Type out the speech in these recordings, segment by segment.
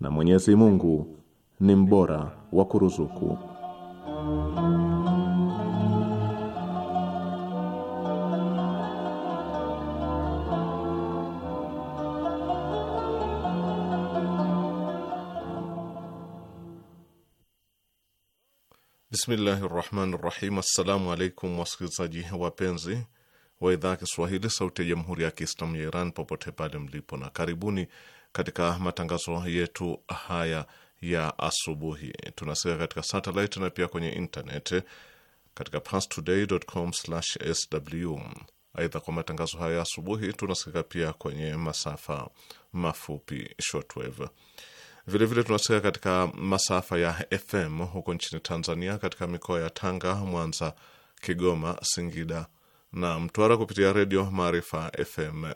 na Mwenyezi Mungu ni mbora wa kuruzuku. Bismillahi rahmani rahim. Assalamu alaikum wasikilizaji wapenzi wa idhaa ya Kiswahili sauti ya jamhuri ya Kiislamu ya Iran popote pale mlipo, na karibuni katika matangazo yetu haya ya asubuhi. tunasikika katika satellite na pia kwenye internet katika pastoday.com/sw. Aidha, kwa matangazo haya ya asubuhi tunasikika pia kwenye masafa mafupi shortwave. Vilevile tunasikika katika masafa ya FM huko nchini Tanzania, katika mikoa ya Tanga, Mwanza, Kigoma, Singida na Mtwara kupitia redio Maarifa FM.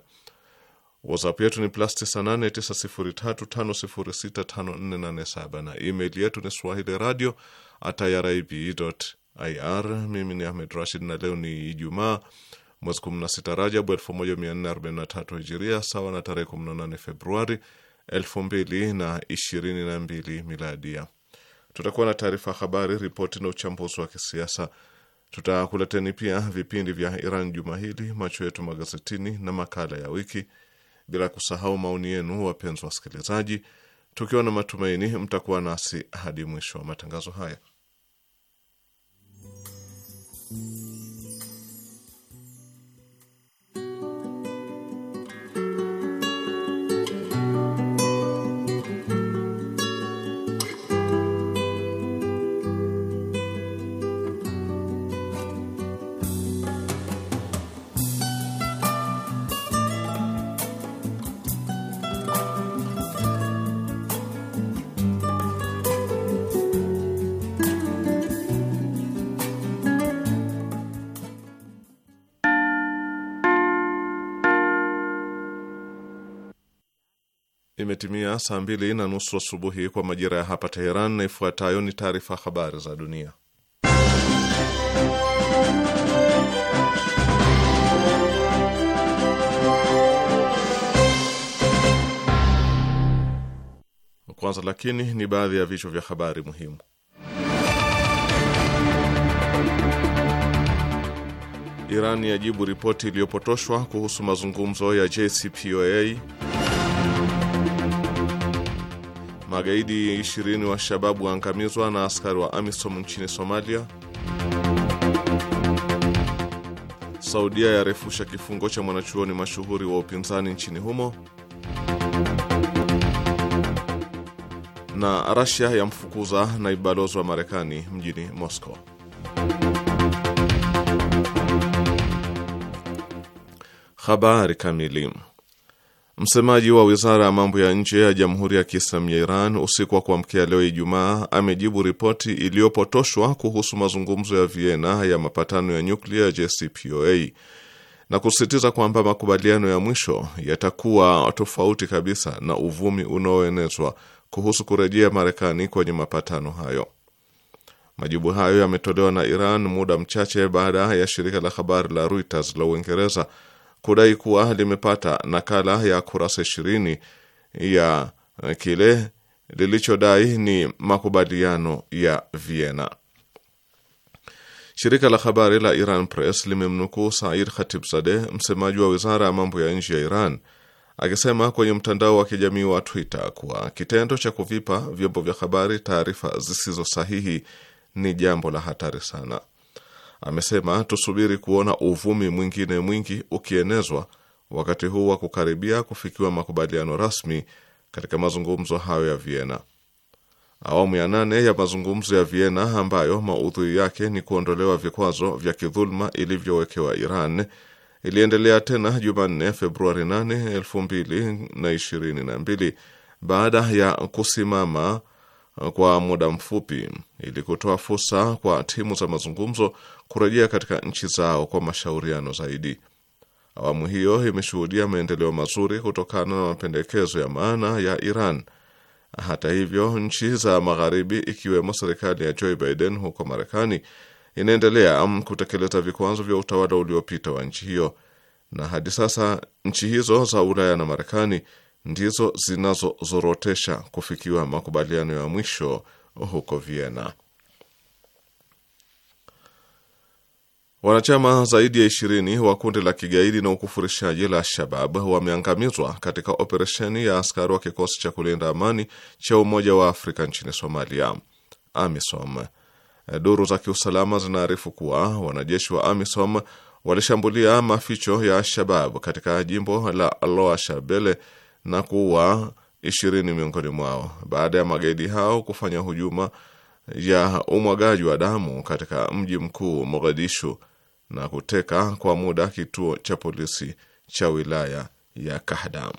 WhatsApp yetu ni plus 989035065487 na email yetu ni swahili radio at irib ir. Mimi ni Ahmed Rashid na leo ni Ijumaa mwezi 16 Rajabu 1443 Hijiria, sawa na tarehe 18 Februari 2022 Miladia. Tutakuwa na taarifa habari, ripoti na uchambuzi wa kisiasa. Tutakuleteni pia vipindi vya Iran juma hili, macho yetu magazetini na makala ya wiki bila kusahau maoni yenu, wapenzi wasikilizaji, tukiwa na matumaini mtakuwa nasi hadi mwisho wa matangazo haya. imetimia saa mbili na nusu asubuhi kwa majira ya hapa Teheran, na ifuatayo ni taarifa habari za dunia. Kwanza lakini ni baadhi ya vichwa vya habari muhimu. Iran yajibu ripoti iliyopotoshwa kuhusu mazungumzo ya JCPOA. Magaidi 20 wa shababu waangamizwa na askari wa AMISOM nchini Somalia. Saudia yarefusha kifungo cha mwanachuoni mashuhuri wa upinzani nchini humo. Na Russia yamfukuza naibu balozi wa Marekani mjini Moscow. Habari kamili. Msemaji wa wizara ya mambo ya nje ya Jamhuri ya Kiislamu ya Iran usiku wa kuamkia leo Ijumaa amejibu ripoti iliyopotoshwa kuhusu mazungumzo ya Vienna ya mapatano ya nyuklia JCPOA na kusisitiza kwamba makubaliano ya mwisho yatakuwa tofauti kabisa na uvumi unaoenezwa kuhusu kurejea Marekani kwenye mapatano hayo. Majibu hayo yametolewa na Iran muda mchache baada ya shirika la habari la Reuters la Uingereza kudai kuwa limepata nakala ya kurasa ishirini ya eh, kile lilichodai ni makubaliano ya Vienna. Shirika la habari la Iran Press limemnukuu Said Khatibzadeh, msemaji wa wizara ya mambo ya nje ya Iran, akisema kwenye mtandao wa kijamii wa Twitter kuwa kitendo cha kuvipa vyombo vya habari taarifa zisizo sahihi ni jambo la hatari sana. Amesema tusubiri kuona uvumi mwingine mwingi ukienezwa wakati huu wa kukaribia kufikiwa makubaliano rasmi katika mazungumzo hayo ya Vienna. Awamu ya nane ya mazungumzo ya Vienna ambayo maudhui yake ni kuondolewa vikwazo vya kidhuluma ilivyowekewa Iran iliendelea tena Jumanne, Februari 8, 2022 baada ya kusimama kwa muda mfupi ili kutoa fursa kwa timu za mazungumzo kurejea katika nchi zao kwa mashauriano zaidi. Awamu hiyo imeshuhudia maendeleo mazuri kutokana na mapendekezo ya maana ya Iran. Hata hivyo, nchi za Magharibi ikiwemo serikali ya Joe Biden huko Marekani inaendelea kutekeleza vikwazo vya utawala uliopita wa nchi hiyo, na hadi sasa nchi hizo za Ulaya na Marekani ndizo zinazozorotesha kufikiwa makubaliano ya mwisho huko Vienna. Wanachama zaidi ya ishirini wa kundi la kigaidi na ukufurishaji la shabab wameangamizwa katika operesheni ya askari wa kikosi cha kulinda amani cha Umoja wa Afrika nchini Somalia, AMISOM. Duru za kiusalama zinaarifu kuwa wanajeshi wa AMISOM walishambulia maficho ya shabab katika jimbo la Loa Shabele na kuua ishirini miongoni mwao baada ya magaidi hao kufanya hujuma ya umwagaji wa damu katika mji mkuu Mogadishu na kuteka kwa muda kituo cha polisi cha wilaya ya Kahdam.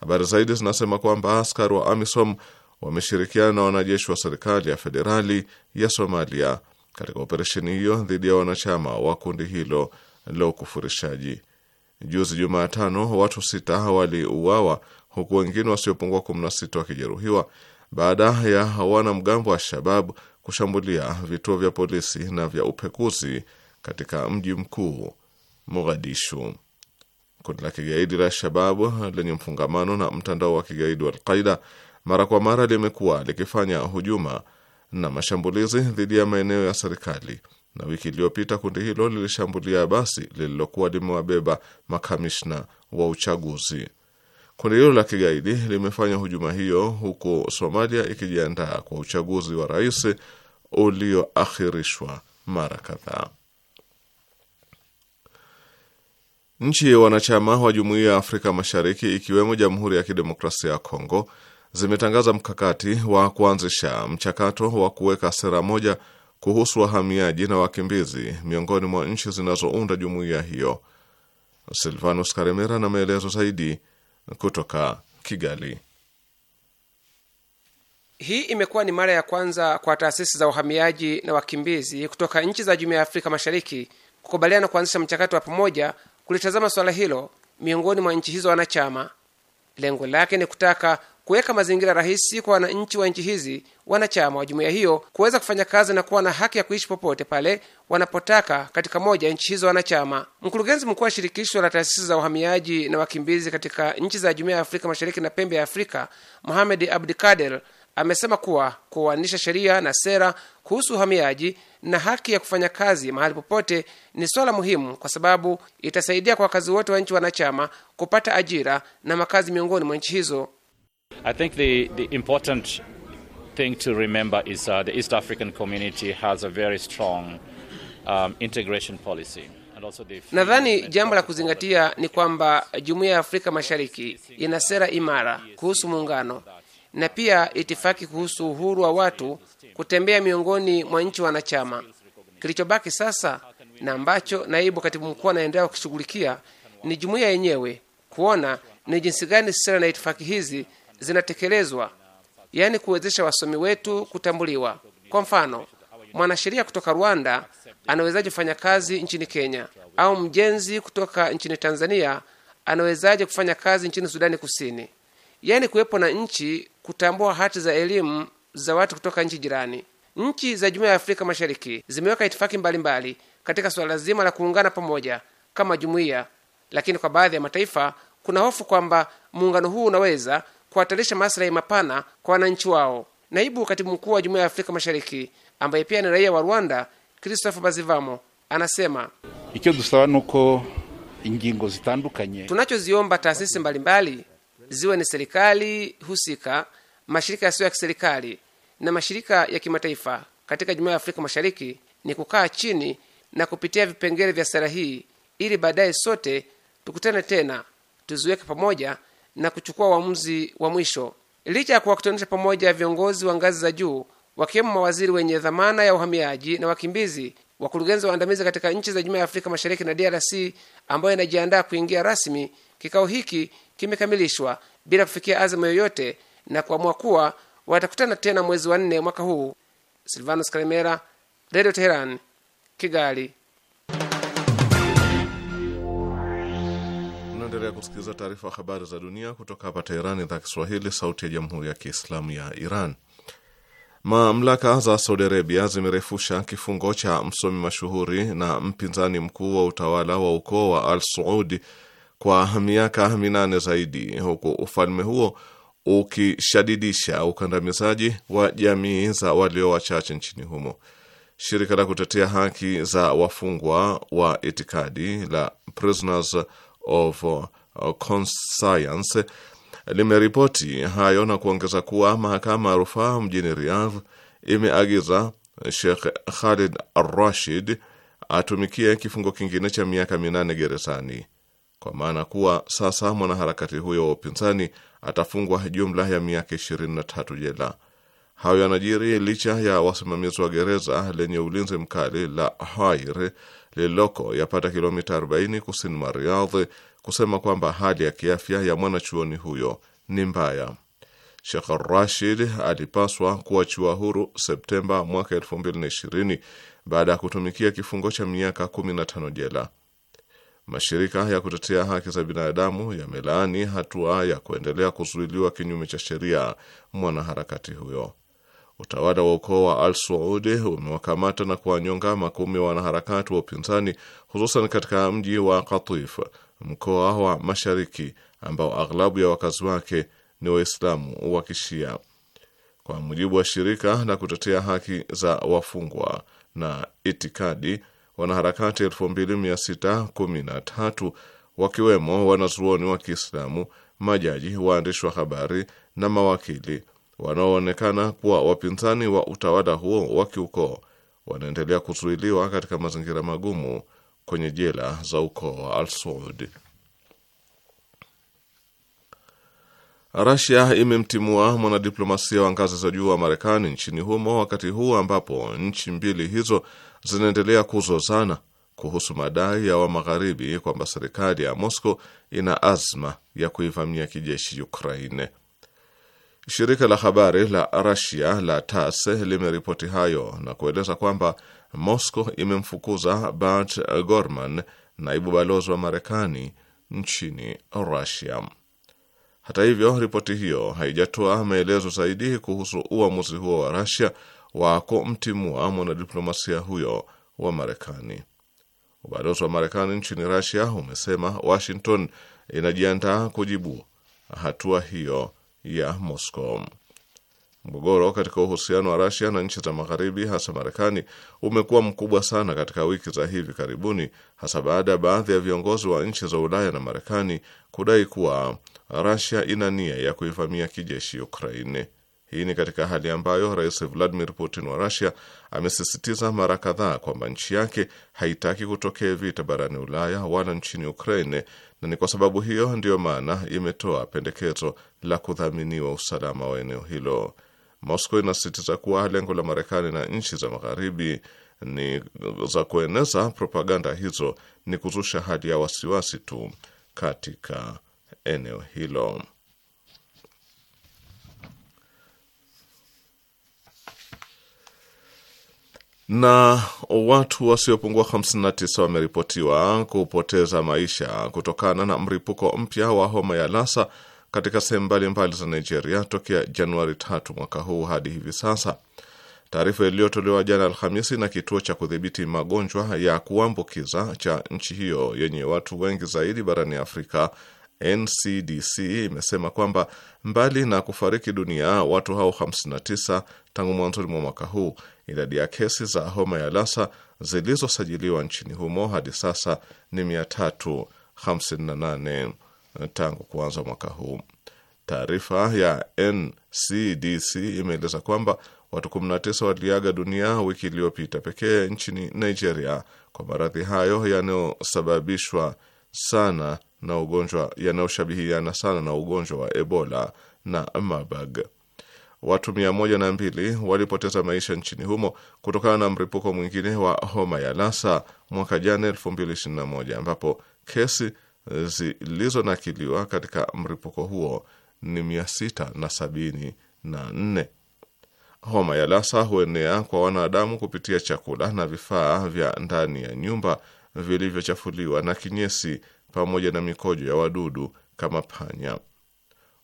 Habari zaidi zinasema kwamba askari wa AMISOM wameshirikiana na wanajeshi wa serikali ya federali ya Somalia katika operesheni hiyo dhidi ya wanachama wa kundi hilo la ukufurishaji Juzi Jumatano, watu sita waliuawa huku wengine wasiopungua 16 wakijeruhiwa baada ya wanamgambo wa shabab kushambulia vituo vya polisi na vya upekuzi katika mji mkuu Mogadishu. Kundi la kigaidi la Shababu lenye mfungamano na mtandao wa kigaidi wa Alqaida mara kwa mara limekuwa likifanya hujuma na mashambulizi dhidi ya maeneo ya serikali na wiki iliyopita kundi hilo lilishambulia basi lililokuwa limewabeba makamishna wa uchaguzi. Kundi hilo la kigaidi limefanya hujuma hiyo huku Somalia ikijiandaa kwa uchaguzi wa rais ulioakhirishwa mara kadhaa. Nchi wanachama wa Jumuiya ya Afrika Mashariki ikiwemo Jamhuri ya Kidemokrasia ya Kongo zimetangaza mkakati wa kuanzisha mchakato wa kuweka sera moja kuhusu wahamiaji na wakimbizi miongoni mwa nchi zinazounda jumuiya hiyo. Silvanus Karemera na maelezo zaidi kutoka Kigali. Hii imekuwa ni mara ya kwanza kwa taasisi za uhamiaji na wakimbizi kutoka nchi za jumuiya ya Afrika Mashariki kukubaliana kuanzisha mchakato wa pamoja kulitazama swala hilo miongoni mwa nchi hizo wanachama. Lengo lake ni kutaka kuweka mazingira rahisi kwa wananchi wa nchi hizi wanachama wa jumuiya hiyo kuweza kufanya kazi na kuwa na haki ya kuishi popote pale wanapotaka katika moja ya nchi hizo wanachama. Mkurugenzi mkuu wa shirikisho la taasisi za uhamiaji na wakimbizi katika nchi za jumuiya ya Afrika Mashariki na pembe ya Afrika, Mohamed Abdikader, amesema kuwa kuoanisha sheria na sera kuhusu uhamiaji na haki ya kufanya kazi mahali popote ni swala muhimu, kwa sababu itasaidia kwa wakazi wote wa nchi wanachama kupata ajira na makazi miongoni mwa nchi hizo. I think the, the important thing to remember is uh, the East African community has a very strong um, integration policy. Nadhani jambo la kuzingatia ni kwamba jumuiya ya Afrika Mashariki ina sera imara kuhusu muungano na pia itifaki kuhusu uhuru wa watu kutembea miongoni mwa nchi wanachama. Kilichobaki sasa na ambacho naibu katibu mkuu anaendelea kukishughulikia ni jumuiya yenyewe kuona ni jinsi gani sera na itifaki hizi zinatekelezwa, yaani kuwezesha wasomi wetu kutambuliwa. Kwa mfano, mwanasheria kutoka Rwanda anawezaje kufanya kazi nchini Kenya? Au mjenzi kutoka nchini Tanzania anawezaje kufanya kazi nchini Sudani Kusini? Yaani kuwepo na nchi kutambua hati za elimu za watu kutoka nchi jirani. Nchi za Jumuiya ya Afrika Mashariki zimeweka itifaki mbalimbali mbali katika suala zima la kuungana pamoja kama jumuiya, lakini kwa baadhi ya mataifa kuna hofu kwamba muungano huu unaweza kuhatarisha maslahi mapana kwa wananchi wao. Naibu katibu mkuu wa Jumuiya ya Afrika Mashariki ambaye pia ni raia wa Rwanda, Christopher Bazivamo, anasema icyo dusaba nuko ingingo zitandukanye, tunachoziomba taasisi mbalimbali ziwe ni serikali husika, mashirika yasiyo ya kiserikali na mashirika ya kimataifa katika Jumuiya ya Afrika Mashariki ni kukaa chini na kupitia vipengele vya sera hii ili baadaye sote tukutane tena tuziweke pamoja na kuchukua uamuzi wa mwisho licha ya kuwakutanisha pamoja viongozi wa ngazi za juu wakiwemo mawaziri wenye dhamana ya uhamiaji na wakimbizi, wakurugenzi waandamizi katika nchi za Jumuiya ya Afrika Mashariki na DRC ambayo inajiandaa kuingia rasmi. Kikao hiki kimekamilishwa bila kufikia azma yoyote na kuamua kuwa watakutana tena mwezi wa nne mwaka huu. Silvanus Kalemera, Radio Teheran, Kigali. Naendelea kusikiliza taarifa ya habari za dunia kutoka hapa Teheran, idhaa Kiswahili, sauti ya jamhuri ya kiislamu ya Iran. Mamlaka za Saudi Arabia zimerefusha kifungo cha msomi mashuhuri na mpinzani mkuu wa utawala wa ukoo wa Al Saudi kwa miaka minane zaidi, huku ufalme huo ukishadidisha ukandamizaji wa jamii za walio wachache nchini humo. Shirika la kutetea haki za wafungwa wa itikadi la Prisoners of uh, Conscience limeripoti hayo na kuongeza kuwa mahakama ya rufaa mjini Riyadh imeagiza Sheikh Khalid Rashid atumikie kifungo kingine cha miaka minane gerezani kwa maana kuwa sasa mwanaharakati huyo wa upinzani atafungwa jumla ya miaka ishirini na tatu jela. Hayo yanajiri licha ya wasimamizi wa gereza lenye ulinzi mkali la Hair lililoko yapata kilomita 40 kusini mwa Riyadh kusema kwamba hali ya kiafya ya mwanachuoni huyo ni mbaya. Sheikh Rashid alipaswa kuachiwa huru Septemba mwaka 2020 baada ya kutumikia kifungo cha miaka 15 jela. Mashirika ya kutetea haki za binadamu yamelaani hatua ya kuendelea kuzuiliwa kinyume cha sheria mwanaharakati huyo. Utawala wa ukoo wa Al Suudi umewakamata na kuwanyonga makumi wa wanaharakati wa upinzani hususan katika mji wa Katif, mkoa wa Mashariki, ambao aghlabu ya wakazi wake ni Waislamu wa Kishia. Kwa mujibu wa shirika la kutetea haki za wafungwa na itikadi, wanaharakati 2613 wakiwemo wanazuoni wa Kiislamu, majaji, waandishi wa habari na mawakili wanaoonekana kuwa wapinzani wa utawala huo wa kiukoo wanaendelea kuzuiliwa katika mazingira magumu kwenye jela za ukoo wa Al Saud. Rasia imemtimua mwanadiplomasia wa ngazi za juu wa Marekani nchini humo wakati huu ambapo nchi mbili hizo zinaendelea kuzozana kuhusu madai ya Wamagharibi kwamba serikali ya Moscow ina azma ya kuivamia kijeshi Ukraine. Shirika la habari la Rasia la TASS limeripoti hayo na kueleza kwamba Moscow imemfukuza Bart Gorman, naibu balozi wa Marekani nchini Rasia. Hata hivyo, ripoti hiyo haijatoa maelezo zaidi kuhusu uamuzi huo wa Rasia wa kumtimua mwanadiplomasia huyo wa Marekani. Ubalozi wa Marekani nchini Rasia umesema Washington inajiandaa kujibu hatua hiyo ya Moscow. Mgogoro katika uhusiano wa Rasia na nchi za Magharibi, hasa Marekani, umekuwa mkubwa sana katika wiki za hivi karibuni, hasa baada ya baadhi ya viongozi wa nchi za Ulaya na Marekani kudai kuwa Rasia ina nia ya kuivamia kijeshi Ukraine. Hii ni katika hali ambayo Rais Vladimir Putin wa Rasia amesisitiza mara kadhaa kwamba nchi yake haitaki kutokea vita barani Ulaya wala nchini Ukraine na ni kwa sababu hiyo ndiyo maana imetoa pendekezo la kudhaminiwa usalama wa eneo hilo. Moscow inasisitiza kuwa lengo la Marekani na nchi za magharibi ni za kueneza propaganda hizo ni kuzusha hali ya wasiwasi tu katika eneo hilo. na watu wasiopungua 59 wameripotiwa kupoteza maisha kutokana na mripuko mpya wa homa ya Lassa katika sehemu mbalimbali za Nigeria tokea Januari tatu mwaka huu hadi hivi sasa. Taarifa iliyotolewa jana Alhamisi na kituo cha kudhibiti magonjwa ya kuambukiza cha nchi hiyo yenye watu wengi zaidi barani Afrika, NCDC, imesema kwamba mbali na kufariki dunia watu hao 59 tangu mwanzoni mwa mwaka huu Idadi ya kesi za homa ya Lassa zilizosajiliwa nchini humo hadi sasa ni 358 eh, tangu kuanza mwaka huu. Taarifa ya NCDC imeeleza kwamba watu 19 waliaga dunia wiki iliyopita pekee nchini Nigeria kwa maradhi hayo yanayosababishwa sana na ugonjwa yanayoshabihiana sana na ugonjwa wa Ebola na Marburg watu mia moja na mbili walipoteza maisha nchini humo kutokana na mlipuko mwingine wa homa ya Lassa mwaka jana moja ambapo kesi zilizonakiliwa katika mlipuko huo ni 674. Homa ya Lassa huenea kwa wanadamu kupitia chakula na vifaa vya ndani ya nyumba vilivyochafuliwa na kinyesi pamoja na mikojo ya wadudu kama panya.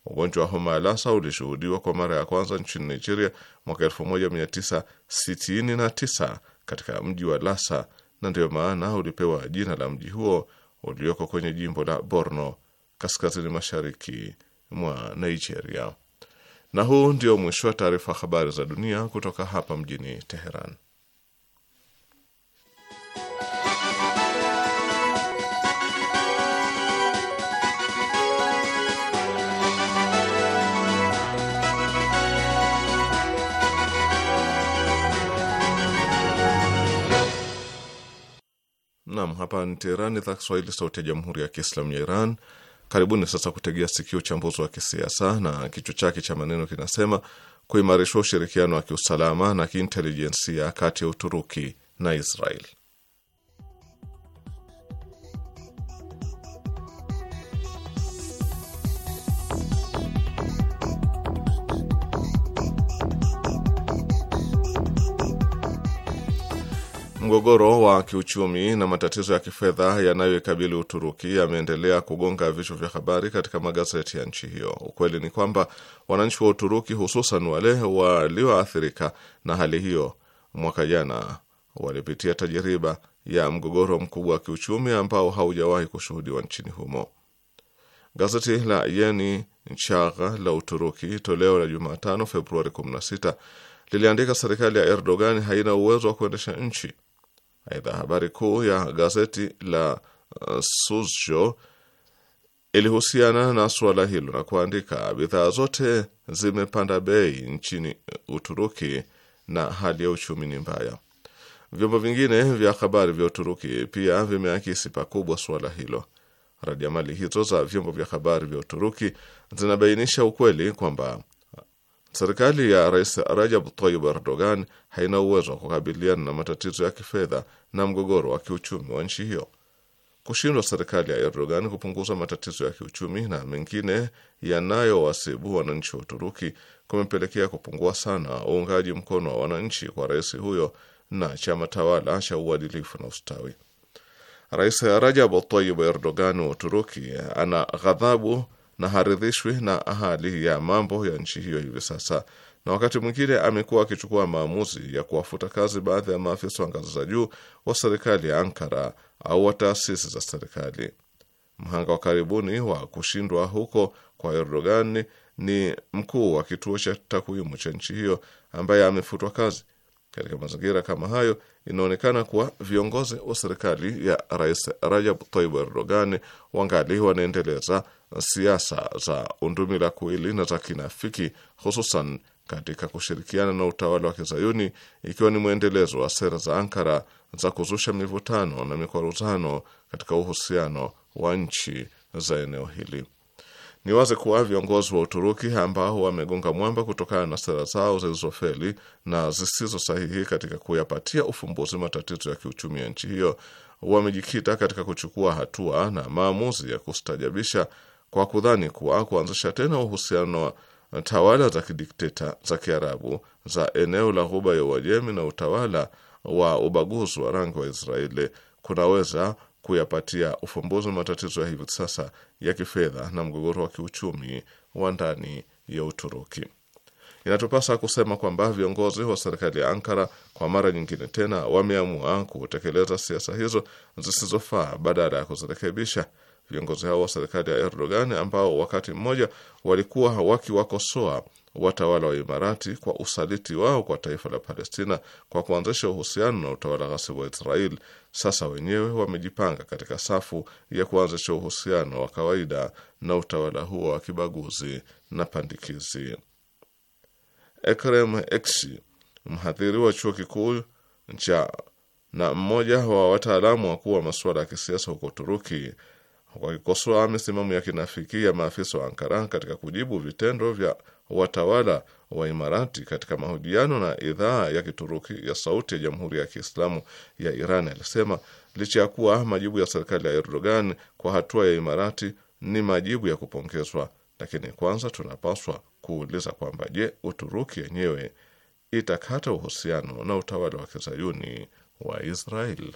Ugonjwa wa homa ya Lassa ulishuhudiwa kwa mara ya kwanza nchini Nigeria mwaka 1969 katika mji wa Lassa, na ndiyo maana ulipewa jina la mji huo ulioko kwenye jimbo la Borno kaskazini mashariki mwa Nigeria. Na huu ndio mwisho wa taarifa habari za dunia kutoka hapa mjini Teheran. Nam, hapa ni Teheran, idhaa Kiswahili, sauti ya jamhuri ya kiislamu ya Iran. Karibuni sasa kutegea sikio uchambuzi wa kisiasa na kichwa chake cha maneno kinasema kuimarishwa ushirikiano wa kiusalama na kiintelijensia kati ya Uturuki na Israeli. mgogoro wa kiuchumi na matatizo ya kifedha yanayoikabili Uturuki yameendelea kugonga vichwa vya habari katika magazeti ya nchi hiyo. Ukweli ni kwamba wananchi wa Uturuki, hususan wale walioathirika na hali hiyo, mwaka jana walipitia tajiriba ya mgogoro mkubwa wa kiuchumi ambao haujawahi kushuhudiwa nchini humo. Gazeti la Yeni Nchagha la Uturuki toleo la Jumatano Februari 16 liliandika serikali ya Erdogan haina uwezo wa kuendesha nchi. Aidha, habari kuu ya gazeti la uh, Suzjo ilihusiana na suala hilo na kuandika, bidhaa zote zimepanda bei nchini Uturuki na hali ya uchumi ni mbaya. Vyombo vingine vya habari vya Uturuki pia vimeakisi pakubwa suala hilo. Radiamali hizo za vyombo vya habari vya Uturuki zinabainisha ukweli kwamba Serikali ya Rais Rajab Tayyip Erdogan haina uwezo wa kukabiliana na matatizo ya kifedha na mgogoro wa kiuchumi wa nchi hiyo. Kushindwa serikali ya Erdogan kupunguza matatizo ya kiuchumi na mengine yanayowasibu wananchi wa Uturuki kumepelekea kupungua sana uungaji mkono wa wananchi kwa rais huyo na chama tawala cha Uadilifu na Ustawi. Rais Rajab Tayyip Erdogan wa Uturuki ana ghadhabu na haridhishwi na hali ya mambo ya nchi hiyo hivi sasa, na wakati mwingine amekuwa akichukua maamuzi ya kuwafuta kazi baadhi ya maafisa wa ngazi za juu wa serikali ya Ankara au wa taasisi za serikali. Mhanga wa karibuni wa kushindwa huko kwa Erdogan ni mkuu wa kituo cha takwimu cha nchi hiyo ambaye amefutwa kazi katika mazingira kama hayo, inaonekana kuwa viongozi wa serikali ya Rais Rajab Tayyip Erdogan wangali wanaendeleza siasa za undumila kuili na za kinafiki, hususan katika kushirikiana na utawala wa Kizayuni, ikiwa ni mwendelezo wa sera za Ankara za kuzusha mivutano na mikwaruzano katika uhusiano wa nchi za eneo hili. Ni wazi kuwa viongozi wa Uturuki ambao wamegonga mwamba kutokana na sera zao zilizofeli na zisizo sahihi katika kuyapatia ufumbuzi matatizo ya kiuchumi ya nchi hiyo wamejikita katika kuchukua hatua na maamuzi ya kustajabisha kwa kudhani kuwa kuanzisha tena uhusiano wa tawala za kidikteta za Kiarabu za eneo la Ghuba ya Uajemi na utawala wa ubaguzi wa rangi wa Israeli kunaweza kuyapatia ufumbuzi wa matatizo ya hivi sasa ya kifedha na mgogoro wa kiuchumi wa ndani ya Uturuki. Inatupasa kusema kwamba viongozi wa serikali ya Ankara kwa mara nyingine tena wameamua kutekeleza siasa hizo zisizofaa badala ya kuzirekebisha. Viongozi hao wa serikali ya Erdogan ambao wakati mmoja walikuwa wakiwakosoa watawala wa Imarati kwa usaliti wao kwa taifa la Palestina kwa kuanzisha uhusiano na utawala ghasibu wa Israel, sasa wenyewe wamejipanga katika safu ya kuanzisha uhusiano wa kawaida na utawala huo wa kibaguzi na pandikizi. Ekrem Ekshi, mhadhiri wa chuo kikuu cha na mmoja wa wataalamu wakuu wa masuala ya kisiasa huko Turuki wakikosoa misimamo ya kinafiki ya maafisa wa Ankara katika kujibu vitendo vya watawala wa Imarati katika mahojiano na idhaa ya Kituruki ya Sauti ya Jamhuri ya Kiislamu ya Iran alisema licha ya kuwa majibu ya serikali ya Erdogan kwa hatua ya Imarati ni majibu ya kupongezwa, lakini kwanza tunapaswa kuuliza kwamba je, Uturuki yenyewe itakata uhusiano na utawala wa kizayuni wa Israeli?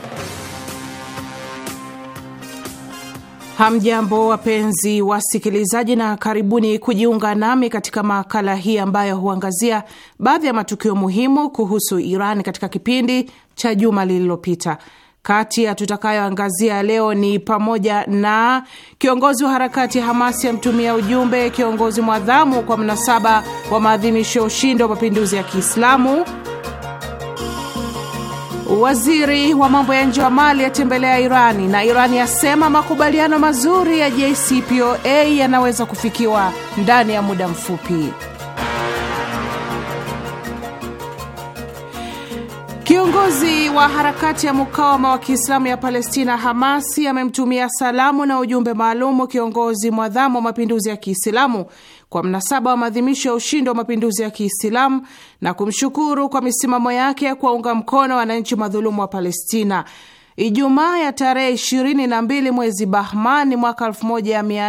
Hamjambo, wapenzi wasikilizaji, na karibuni kujiunga nami katika makala hii ambayo huangazia baadhi ya matukio muhimu kuhusu Iran katika kipindi cha juma lililopita. Kati ya tutakayoangazia leo ni pamoja na kiongozi wa harakati Hamasi amtumia ujumbe kiongozi mwadhamu kwa mnasaba wa maadhimisho ya ushindi wa mapinduzi ya Kiislamu Waziri wa mambo ya nje wa Mali atembelea Irani na Irani yasema makubaliano mazuri ya JCPOA yanaweza kufikiwa ndani ya muda mfupi. Kiongozi wa harakati ya mukawama wa Kiislamu ya Palestina Hamasi amemtumia salamu na ujumbe maalumu kiongozi mwadhamu wa mapinduzi ya Kiislamu kwa mnasaba wa maadhimisho ya ushindi wa mapinduzi ya Kiislamu na kumshukuru kwa misimamo yake ya kuwaunga mkono wananchi madhulumu wa Palestina. Ijumaa ya tarehe ishirini na mbili mwezi Bahmani mwaka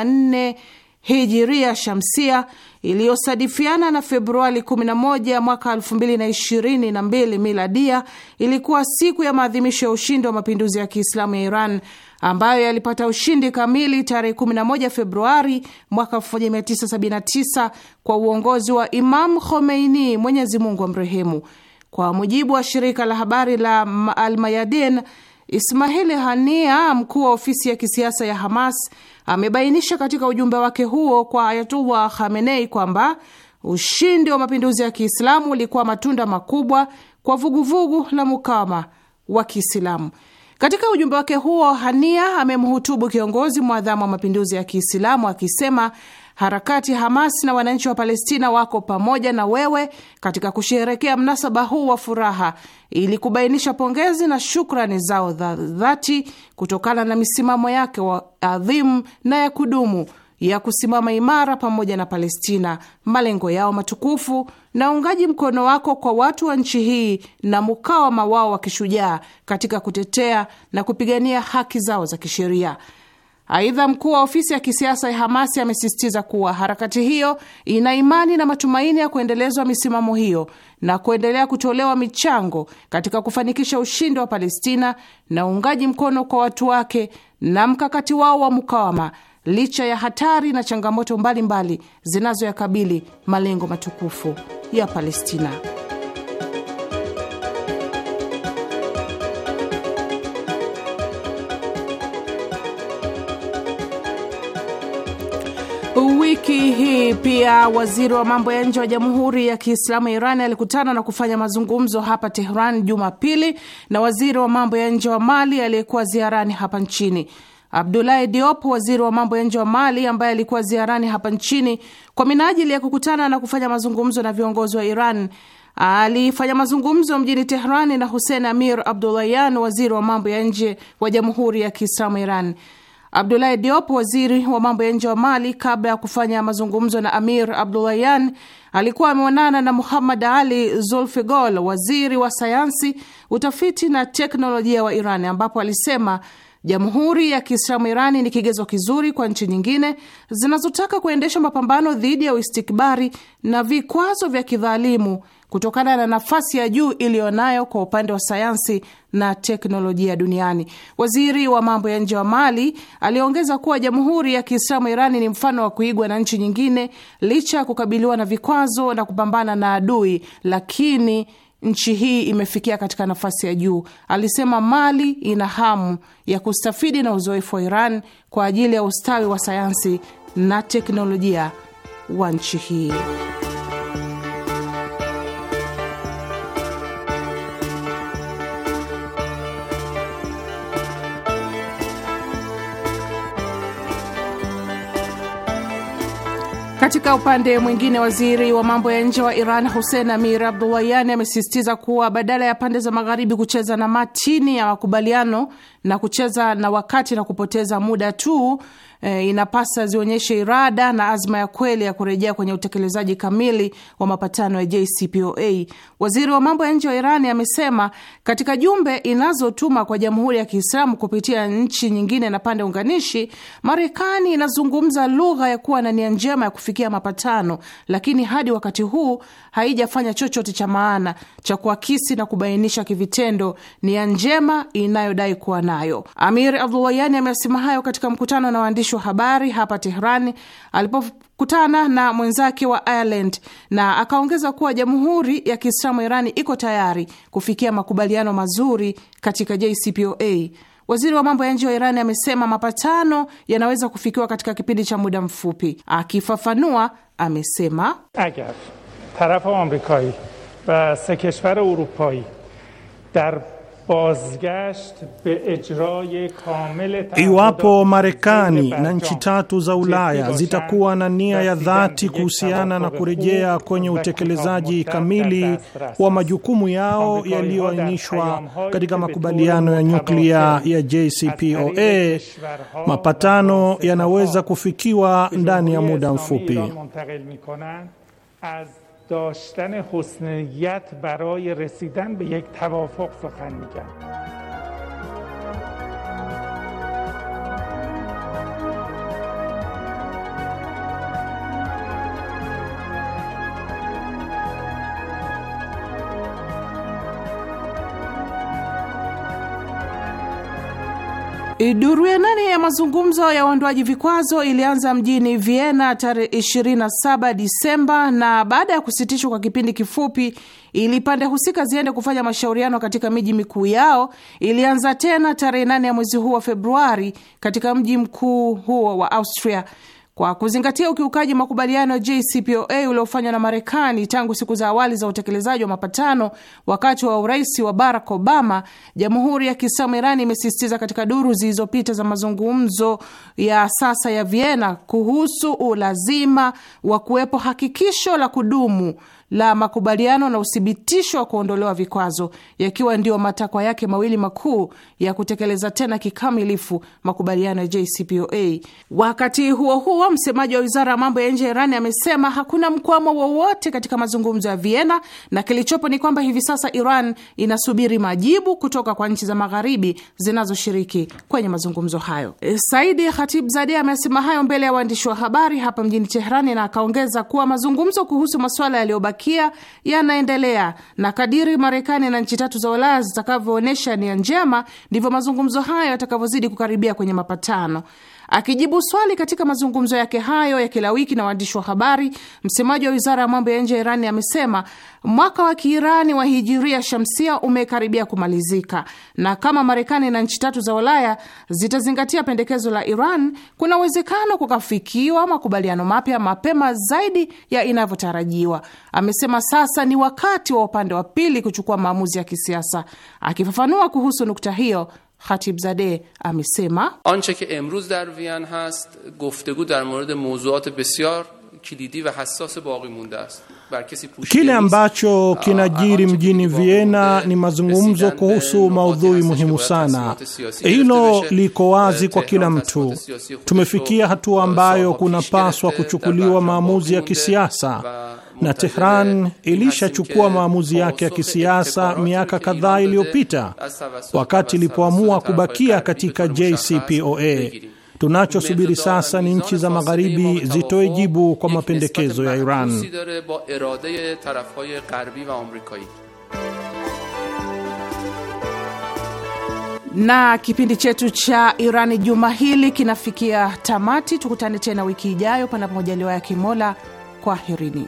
nne hijiria shamsia iliyosadifiana na Februari 11 mwaka 2022 miladia ilikuwa siku ya maadhimisho ya ushindi wa mapinduzi ya Kiislamu ya Iran ambayo yalipata ushindi kamili tarehe 11 Februari mwaka 1979 kwa uongozi wa Imam Khomeini, Mwenyezi Mungu amrehemu. Kwa mujibu wa shirika la habari la Almayadin, Ismail Hania, mkuu wa ofisi ya kisiasa ya Hamas, amebainisha katika ujumbe wake huo kwa Ayatullah Khamenei kwamba ushindi wa mapinduzi ya Kiislamu ulikuwa matunda makubwa kwa vuguvugu vugu la mukawama wa Kiislamu. Katika ujumbe wake huo, Hania amemhutubu kiongozi mwadhamu wa mapinduzi ya Kiislamu akisema Harakati Hamas na wananchi wa Palestina wako pamoja na wewe katika kusherehekea mnasaba huu wa furaha ili kubainisha pongezi na shukrani zao za dhati kutokana na misimamo yake wa adhimu na ya kudumu ya kusimama imara pamoja na Palestina, malengo yao matukufu na uungaji mkono wako kwa watu wa nchi hii na mukawama wao wa kishujaa katika kutetea na kupigania haki zao za kisheria. Aidha, mkuu wa ofisi ya kisiasa ya Hamasi amesisitiza kuwa harakati hiyo ina imani na matumaini ya kuendelezwa misimamo hiyo na kuendelea kutolewa michango katika kufanikisha ushindi wa Palestina na uungaji mkono kwa watu wake na mkakati wao wa mukawama licha ya hatari na changamoto mbalimbali zinazoyakabili malengo matukufu ya Palestina. Wiki hii pia waziri wa mambo ya nje wa Jamhuri ya Kiislamu ya Iran alikutana na kufanya mazungumzo hapa Tehran Jumapili na waziri wa mambo ya nje wa Mali aliyekuwa ziarani hapa nchini. Abdulahi Diop, waziri wa mambo ya nje wa Mali ambaye alikuwa ziarani hapa nchini kwa minajili ya kukutana na kufanya mazungumzo na viongozi wa Iran, alifanya mazungumzo mjini Tehrani na Hussein Amir Abdulayan, waziri wa mambo ya nje wa Jamhuri ya Kiislamu Iran. Abdoulaye Diop, waziri wa mambo ya nje wa Mali, kabla ya kufanya mazungumzo na Amir abdulayan alikuwa ameonana na Muhammad Ali Zulfigol, waziri wa sayansi, utafiti na teknolojia wa Iran, ambapo alisema Jamhuri ya Kiislamu Irani ni kigezo kizuri kwa nchi nyingine zinazotaka kuendesha mapambano dhidi ya uistikbari na vikwazo vya kidhalimu kutokana na nafasi ya juu iliyonayo kwa upande wa sayansi na teknolojia duniani. Waziri wa mambo ya nje wa Mali aliongeza kuwa Jamhuri ya Kiislamu Irani ni mfano wa kuigwa na nchi nyingine, licha ya kukabiliwa na vikwazo na kupambana na adui, lakini nchi hii imefikia katika nafasi ya juu. Alisema Mali ina hamu ya kustafidi na uzoefu wa Iran kwa ajili ya ustawi wa sayansi na teknolojia wa nchi hii. Katika upande mwingine, waziri wa mambo ya nje wa Iran Hussein Amir Abdullahiani amesisitiza kuwa badala ya pande za magharibi kucheza na matini ya makubaliano na kucheza na wakati na kupoteza muda tu, eh, inapasa zionyeshe irada na azma ya kweli ya kurejea kwenye utekelezaji kamili wa mapatano ya JCPOA. Waziri wa mambo ya nje wa Irani amesema katika jumbe inazotuma kwa Jamhuri ya Kiislamu kupitia nchi nyingine na pande unganishi, Marekani inazungumza lugha ya kuwa na nia njema ya kufikia mapatano, lakini hadi wakati huu haijafanya chochote cha maana cha kuakisi na kubainisha kivitendo nia njema inayodai kuwa nayo. Amir Abdulayani amesema hayo katika mkutano na waandishi mwandishi wa habari hapa Teherani alipokutana na mwenzake wa Ireland, na akaongeza kuwa Jamhuri ya Kiislamu Irani iko tayari kufikia makubaliano mazuri katika JCPOA. Waziri wa mambo ya nje wa Irani amesema mapatano yanaweza kufikiwa katika kipindi cha muda mfupi. Akifafanua amesema agar taraf amerikai uh, se keshvar urupai dar Iwapo Marekani na nchi tatu za Ulaya zitakuwa na nia ya dhati kuhusiana na kurejea kwenye utekelezaji kamili wa majukumu yao yaliyoainishwa katika makubaliano ya nyuklia ya JCPOA, mapatano yanaweza kufikiwa ndani ya muda mfupi. داشتن حسنیت برای رسیدن به یک توافق سخن میگن Eh, duru ya nane ya mazungumzo ya uondoaji vikwazo ilianza mjini Vienna tarehe 27 Disemba, na baada ya kusitishwa kwa kipindi kifupi ili pande husika ziende kufanya mashauriano katika miji mikuu yao, ilianza tena tarehe 8 ya mwezi huu wa Februari katika mji mkuu huo wa Austria kwa kuzingatia ukiukaji makubaliano ya JCPOA uliofanywa na Marekani tangu siku za awali za utekelezaji wa mapatano wakati wa urais wa Barack Obama, Jamhuri ya Kiislamu Irani imesisitiza katika duru zilizopita za mazungumzo ya sasa ya Vienna kuhusu ulazima wa kuwepo hakikisho la kudumu la makubaliano na uthibitisho wa kuondolewa vikwazo yakiwa ndiyo matakwa yake mawili makuu ya kutekeleza tena kikamilifu makubaliano ya JCPOA. Wakati huo huo, msemaji wa wizara ya mambo ya nje ya Irani amesema hakuna mkwamo wowote katika mazungumzo ya Vienna, na kilichopo ni kwamba hivi sasa Iran inasubiri majibu kutoka kwa nchi za magharibi zinazoshiriki kwenye mazungumzo hayo. Saidi Khatibzadeh amesema hayo mbele ya waandishi wa habari hapa mjini Teherani na akaongeza kuwa mazungumzo kuhusu masuala yaliyobaki kubakia yanaendelea, na kadiri Marekani na nchi tatu za Ulaya zitakavyoonyesha nia njema, ndivyo mazungumzo hayo yatakavyozidi kukaribia kwenye mapatano. Akijibu swali katika mazungumzo yake hayo ya kila wiki na waandishi wa habari, msemaji wa wizara ya mambo ya nje ya Irani amesema mwaka wa Kiirani wa hijiria shamsia umekaribia kumalizika, na kama Marekani na nchi tatu za Ulaya zitazingatia pendekezo la Iran, kuna uwezekano kukafikiwa makubaliano mapya mapema zaidi ya inavyotarajiwa. Amesema sasa ni wakati wa upande wa pili kuchukua maamuzi ya kisiasa. Akifafanua kuhusu nukta hiyo, Khatibzadeh amesema آنچه که امروز در Vian هست گفتگو در مورد موضوعات بسیار کلیدی و حساس باقی مونده است Kile ambacho kinajiri mjini Vienna ni mazungumzo kuhusu maudhui muhimu sana. Hilo liko wazi kwa kila mtu. Tumefikia hatua ambayo kunapaswa kuchukuliwa maamuzi ya kisiasa na Tehran ilishachukua maamuzi yake ya kisiasa miaka kadhaa iliyopita wakati ilipoamua kubakia katika JCPOA. Tunachosubiri sasa ni nchi za magharibi zitoe jibu kwa mapendekezo ya Iran. Na kipindi chetu cha Irani juma hili kinafikia tamati. Tukutane tena wiki ijayo, panapo majaliwa ya Kimola. Kwaherini.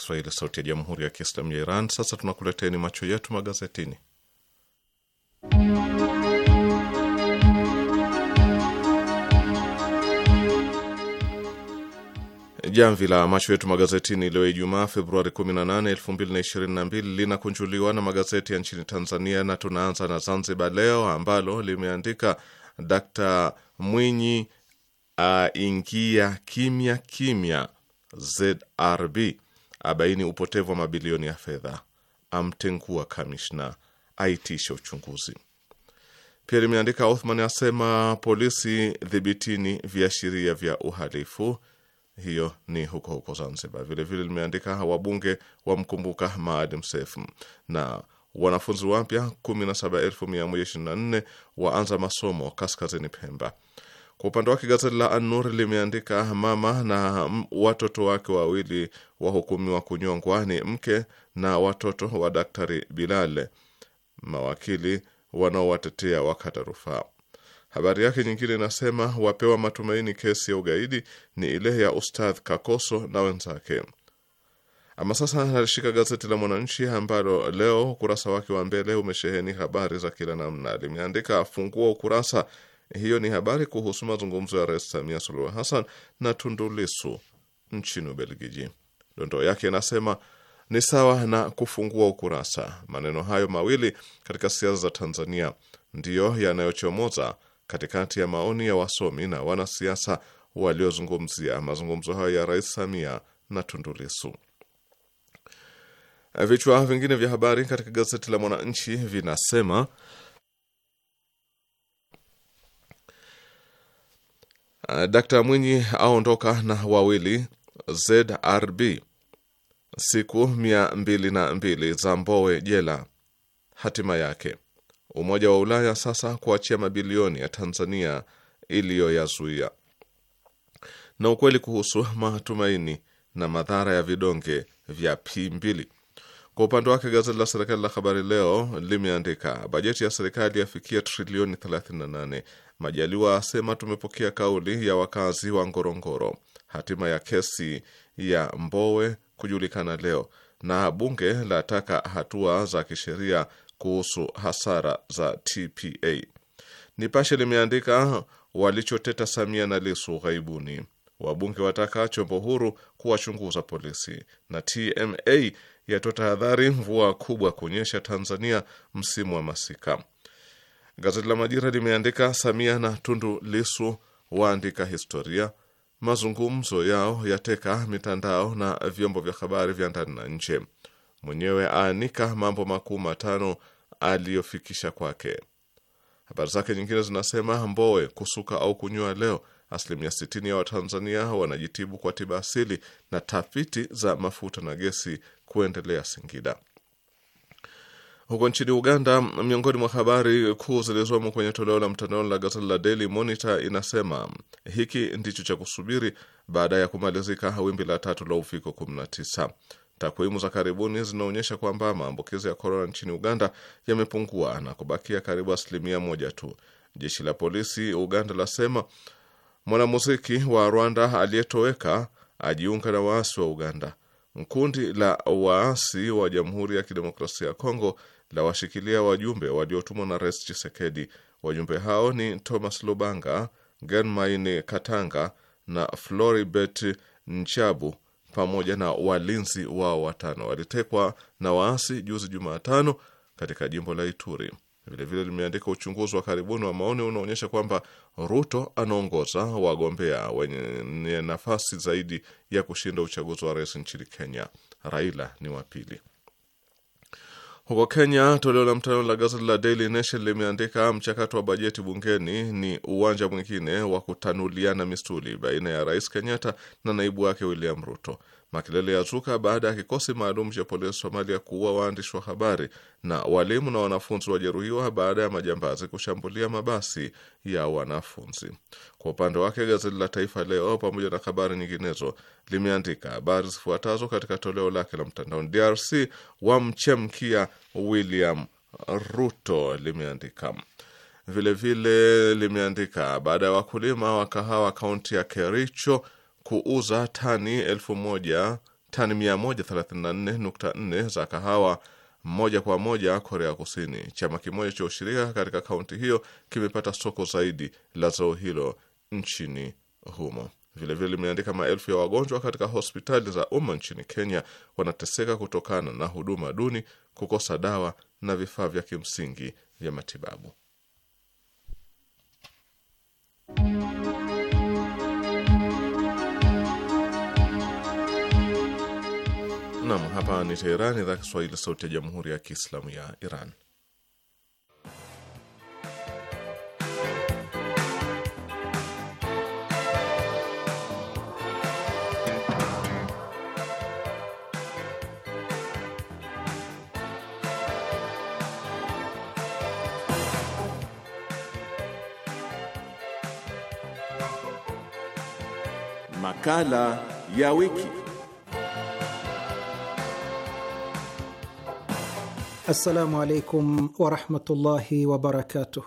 Kiswahili, sauti ya jamhuri ya kiislamu ya Iran. Sasa tunakuleteni macho yetu magazetini. Jamvi la macho yetu magazetini leo Ijumaa, Februari 18, 2022 linakunjuliwa na magazeti ya nchini Tanzania, na tunaanza na Zanzibar Leo ambalo limeandika Dkt Mwinyi aingia kimya kimya ZRB abaini upotevu wa mabilioni ya fedha, amtengua kamishna, aitisha uchunguzi. Pia limeandika Othman asema polisi dhibitini viashiria vya uhalifu. Hiyo ni huko huko Zanzibar. Vilevile limeandika wabunge wamkumbuka Maalim Seif na wanafunzi wapya 17124 waanza masomo kaskazini Pemba. Kwa upande wake gazeti la anur limeandika mama na watoto wake wawili wahukumiwa kunyongwa ni mke na watoto wa Daktari Bilal, mawakili wanaowatetea wakata rufaa. Habari yake nyingine inasema wapewa matumaini kesi ya ugaidi ni ile ya Ustadh Kakoso na wenzake. Ama sasa nalishika gazeti la Mwananchi ambalo leo ukurasa wake wa mbele umesheheni habari za kila namna. Limeandika afungua ukurasa, hiyo ni habari kuhusu mazungumzo ya Rais Samia Suluhu Hassan na Tundu Lissu nchini Ubelgiji. Dondoo yake inasema ni sawa na kufungua ukurasa. Maneno hayo mawili katika siasa za Tanzania ndiyo yanayochomoza katikati ya maoni ya wasomi na wanasiasa waliozungumzia mazungumzo hayo ya Rais Samia na Tundu Lissu. Vichwa vingine vya habari katika gazeti la Mwananchi vinasema Dkt Mwinyi aondoka na wawili ZRB siku mia mbili na mbili za Mbowe jela. Hatima yake Umoja wa Ulaya sasa kuachia mabilioni ya Tanzania iliyoyazuia, na ukweli kuhusu matumaini na madhara ya vidonge vya P2. Kwa upande wake gazeti la serikali la Habari Leo limeandika bajeti ya serikali yafikia trilioni 38. Majaliwa asema tumepokea kauli ya wakazi wa Ngorongoro. Hatima ya kesi ya Mbowe kujulikana leo, na bunge lataka hatua za kisheria kuhusu hasara za TPA. Nipashe limeandika walichoteta Samia na Lisu ghaibuni, wabunge wataka chombo huru kuwachunguza polisi, na TMA yatoa tahadhari mvua kubwa kunyesha Tanzania msimu wa masika. Gazeti la Majira limeandika Samia na Tundu Lisu waandika historia, mazungumzo yao yateka mitandao na vyombo vya habari vya ndani na nje. Mwenyewe aanika mambo makuu matano aliyofikisha kwake. Habari zake nyingine zinasema Mbowe kusuka au kunyoa leo, asilimia 60 ya Watanzania wanajitibu kwa tiba asili, na tafiti za mafuta na gesi kuendelea Singida. Huko nchini Uganda, miongoni mwa habari kuu zilizomo kwenye toleo la mtandaoni la gazeti la Daily Monitor inasema hiki ndicho cha kusubiri baada ya kumalizika wimbi la tatu la uviko 19. Takwimu za karibuni zinaonyesha kwamba maambukizi ya korona nchini Uganda yamepungua na kubakia karibu asilimia moja tu. Jeshi la polisi Uganda lasema mwanamuziki wa Rwanda aliyetoweka ajiunga na waasi wa Uganda. Kundi la waasi wa Jamhuri ya Kidemokrasia ya Kongo la washikilia wajumbe waliotumwa na Rais Chisekedi. Wajumbe hao ni Thomas Lubanga, Germain Katanga na Floribert Nchabu pamoja na walinzi wao watano walitekwa na waasi juzi Jumatano katika jimbo la Ituri. Vilevile limeandika uchunguzi wa karibuni wa maoni unaonyesha kwamba Ruto anaongoza wagombea wenye nafasi zaidi ya kushinda uchaguzi wa rais nchini Kenya. Raila ni wa pili. Huko Kenya, toleo la mtandao la gazeti la Daily Nation limeandika mchakato wa bajeti bungeni ni uwanja mwingine wa kutanuliana misuli baina ya Rais Kenyatta na naibu wake William Ruto. Makelele ya zuka baada ya kikosi maalum cha polisi Somalia kuua waandishi wa habari na walimu na wanafunzi wajeruhiwa baada ya majambazi kushambulia mabasi ya wanafunzi. Kwa upande wake, gazeti la Taifa Leo pamoja na habari nyinginezo limeandika habari zifuatazo katika toleo lake la mtandaoni. DRC wamchemkia William Ruto, limeandika vilevile, limeandika baada ya wakulima wa kahawa kaunti ya Kericho kuuza tani 1000 tani 134.4 za kahawa moja kwa moja Korea Kusini. Chama kimoja cha ushirika katika kaunti hiyo kimepata soko zaidi la zao hilo nchini humo. Vilevile limeandika maelfu ya wagonjwa katika hospitali za umma nchini Kenya wanateseka kutokana na huduma duni, kukosa dawa na vifaa vya kimsingi vya matibabu. Nam, hapa ni Teheran, idhaa Kiswahili, sauti ya jamhuri ya kiislamu ya Iran. Makala ya wiki. Assalamu alaikum warahmatullahi wabarakatuh.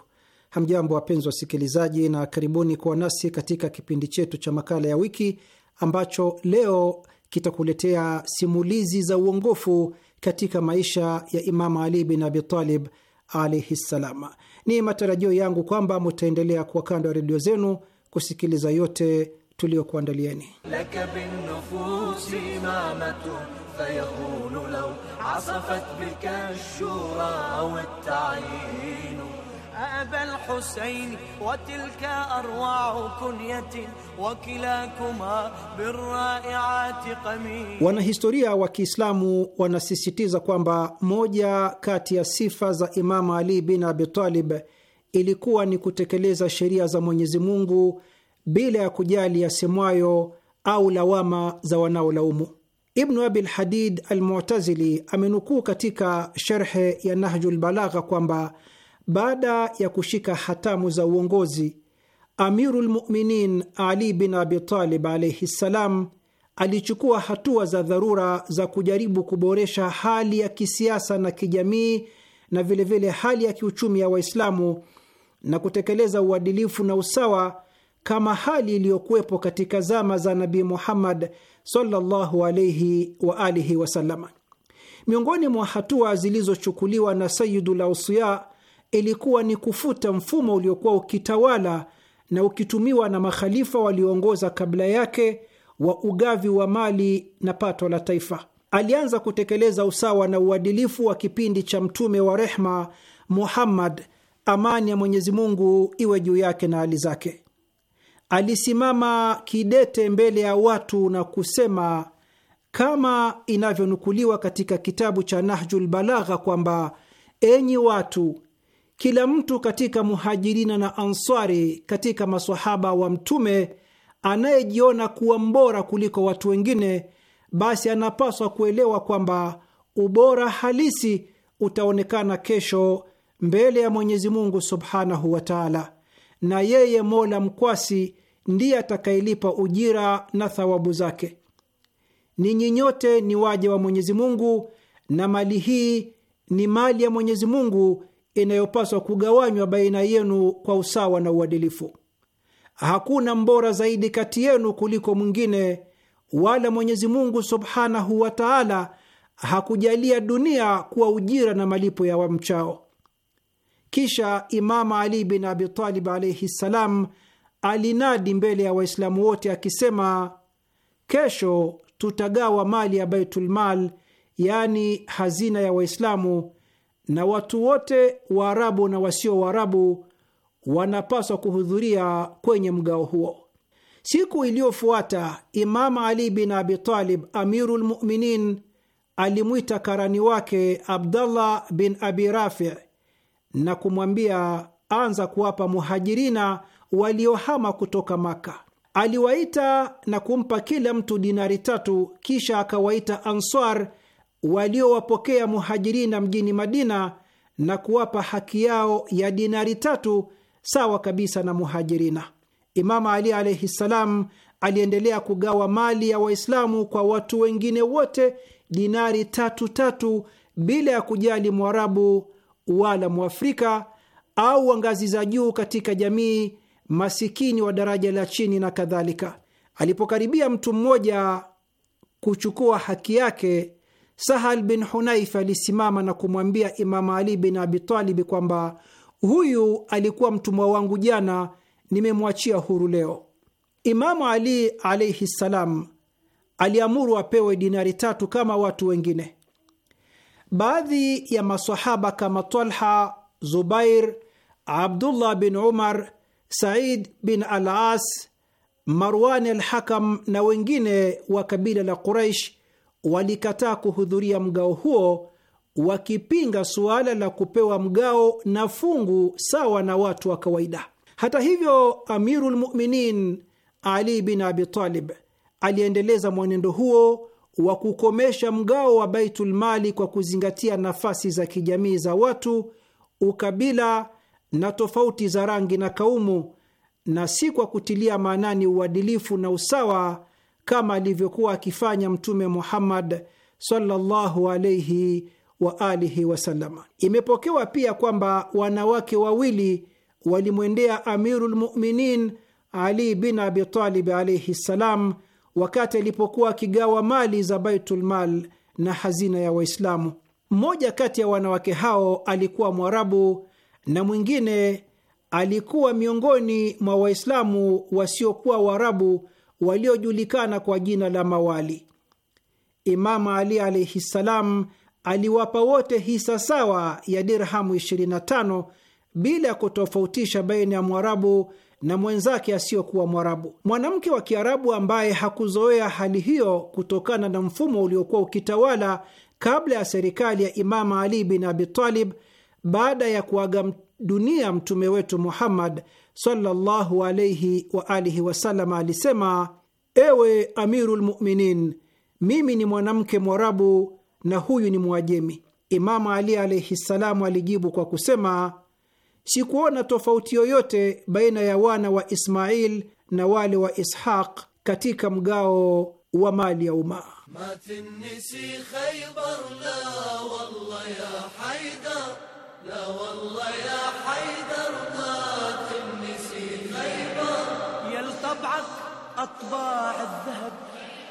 Hamjambo wapenzi wasikilizaji, na karibuni kuwa nasi katika kipindi chetu cha makala ya wiki ambacho leo kitakuletea simulizi za uongofu katika maisha ya Imamu Ali bin Abitalib alaihi ssalam. Ni matarajio yangu kwamba mutaendelea kuwa kando ya redio zenu kusikiliza yote tuliyokuandalieni. عصفت بك الشورى والتعيين أبا الحسين وتلك أروع كنية wakilakuma birraiati qamin. Wanahistoria wa Kiislamu wanasisitiza kwamba moja kati ya sifa za Imamu Ali bin Abi Talib ilikuwa ni kutekeleza sheria za Mwenyezi Mungu bila ya kujali yasemwayo au lawama za wanaolaumu. Ibnu Abil Hadid Almutazili amenukuu katika sherhe ya Nahju Lbalagha kwamba baada ya kushika hatamu za uongozi, Amiru Lmuminin Ali bin Abitalib alaihi ssalam alichukua hatua za dharura za kujaribu kuboresha hali ya kisiasa na kijamii na vilevile vile hali ya kiuchumi ya Waislamu na kutekeleza uadilifu na usawa kama hali iliyokuwepo katika zama za Nabi Muhammad sallallahu alaihi wa alihi wasallam. Miongoni mwa hatua zilizochukuliwa na Sayidul Ausiya ilikuwa ni kufuta mfumo uliokuwa ukitawala na ukitumiwa na makhalifa walioongoza kabla yake wa ugavi wa mali na pato la taifa. Alianza kutekeleza usawa na uadilifu wa kipindi cha mtume wa rehma Muhammad, amani ya Mwenyezi Mungu iwe juu yake na hali zake alisimama kidete mbele ya watu na kusema kama inavyonukuliwa katika kitabu cha Nahjul Balagha kwamba enyi watu, kila mtu katika Muhajirina na Answari, katika masahaba wa Mtume anayejiona kuwa mbora kuliko watu wengine, basi anapaswa kuelewa kwamba ubora halisi utaonekana kesho mbele ya Mwenyezi Mungu subhanahu wa taala na yeye Mola mkwasi ndiye atakayelipa ujira na thawabu zake. Ninyi nyote ni waja wa Mwenyezi Mungu na mali hii ni mali ya Mwenyezi Mungu inayopaswa kugawanywa baina yenu kwa usawa na uadilifu. Hakuna mbora zaidi kati yenu kuliko mwingine, wala Mwenyezi Mungu subhanahu wa taala hakujalia dunia kuwa ujira na malipo ya wamchao. Kisha Imamu Ali bin Abitalib alaihi ssalam alinadi mbele ya Waislamu wote akisema, kesho tutagawa mali ya Baitulmal, yaani hazina ya Waislamu, na watu wote Waarabu na wasio Waarabu wanapaswa kuhudhuria kwenye mgao huo. Siku iliyofuata Imamu Ali bin Abitalib amiru lmuminin alimwita karani wake Abdallah bin Abi Rafi na kumwambia anza kuwapa muhajirina waliohama kutoka Maka. Aliwaita na kumpa kila mtu dinari tatu, kisha akawaita Answar waliowapokea muhajirina mjini Madina na kuwapa haki yao ya dinari tatu sawa kabisa na muhajirina. Imamu Ali alaihi ssalam aliendelea kugawa mali ya Waislamu kwa watu wengine wote dinari tatu tatu bila ya kujali Mwarabu wala Mwafrika au wa ngazi za juu katika jamii, masikini wa daraja la chini na kadhalika. Alipokaribia mtu mmoja kuchukua haki yake, Sahal bin hunaif alisimama na kumwambia Imamu Ali bin Abitalibi kwamba huyu alikuwa mtumwa wangu jana, nimemwachia huru leo. Imamu Ali alaihi ssalam aliamuru apewe dinari tatu kama watu wengine. Baadhi ya masahaba kama Talha, Zubair, Abdullah bin Umar, Said bin Alas, Marwan al-Hakam na wengine wa kabila la Quraish walikataa kuhudhuria mgao huo wakipinga suala la kupewa mgao na fungu sawa na watu wa kawaida. Hata hivyo, amirulmuminin Ali bin Abi Talib aliendeleza mwenendo huo wa kukomesha mgao wa baitulmali kwa kuzingatia nafasi za kijamii za watu, ukabila na tofauti za rangi na kaumu, na si kwa kutilia maanani uadilifu na usawa kama alivyokuwa akifanya Mtume Muhammad sallallahu alayhi wa alihi wasallam. Imepokewa pia kwamba wanawake wawili walimwendea amirulmuminin Ali bin Abi alaihi alayhi ssalam wakati alipokuwa akigawa mali za Baitulmal na hazina ya Waislamu. Mmoja kati ya wanawake hao alikuwa Mwarabu na mwingine alikuwa miongoni mwa Waislamu wasiokuwa Waarabu waliojulikana kwa jina la Mawali. imamu Ali alaihi ssalam aliwapa wote hisa sawa ya dirhamu 25 bila ya kutofautisha baina ya Mwarabu na mwenzake asiyokuwa Mwarabu. Mwanamke wa Kiarabu ambaye hakuzoea hali hiyo kutokana na mfumo uliokuwa ukitawala kabla ya serikali ya Imama Ali bin Abi Talib baada ya kuaga dunia mtume wetu Muhammad sallallahu alayhi wa alihi wasallam, alisema: ewe Amirul Muminin, mimi ni mwanamke Mwarabu na huyu ni Mwajemi. Imamu Ali alaihi ssalamu alijibu kwa kusema Sikuona tofauti yoyote baina ya wana wa Ismail na wale wa Ishaq katika mgao wa mali ya umma.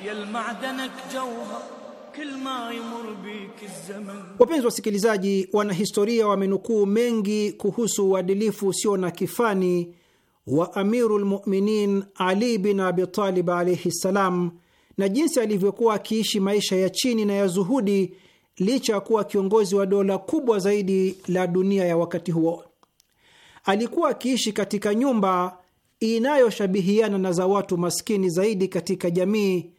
يا المعدنك جوهر Wapenzi wasikilizaji, wanahistoria wamenukuu mengi kuhusu uadilifu usio na kifani wa Amiru lmuminin Ali bin Abitalib alaihi ssalam, na jinsi alivyokuwa akiishi maisha ya chini na ya zuhudi licha ya kuwa kiongozi wa dola kubwa zaidi la dunia ya wakati huo. Alikuwa akiishi katika nyumba inayoshabihiana na za watu maskini zaidi katika jamii